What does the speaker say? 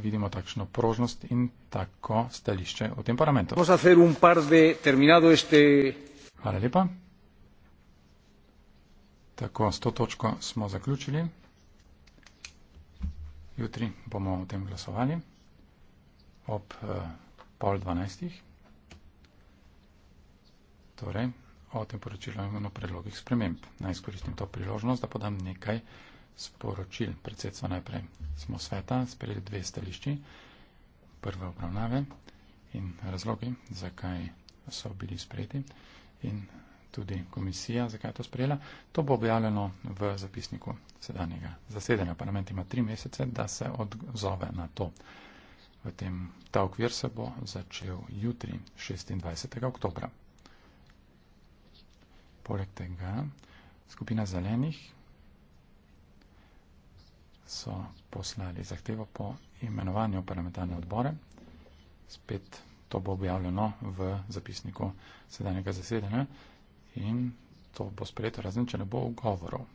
vidimo takšno prožnost in tako stališče v tem parlamentu. Hvala lepa. Tako, s to točko smo zaključili. Jutri bomo o tem glasovali ob eh, pol dvanajstih. Torej o tem poročilu in o predlogih sprememb. Naj izkoristim to priložnost, da podam nekaj sporočil. Predsedstvo najprej smo sveta, sprejeli dve stališči, prve obravnave in razlogi, zakaj so bili sprejeti in tudi komisija, zakaj je to sprejela. To bo objavljeno v zapisniku sedanjega zasedanja. Parlament ima tri mesece, da se odzove na to. V tem ta okvir se bo začel jutri 26. oktobra. Poleg tega skupina zelenih so poslali zahtevo po imenovanju parlamentarne odbore. Spet to bo objavljeno v zapisniku sedanjega zasedanja in to bo sprejeto razen, če ne bo ugovorov.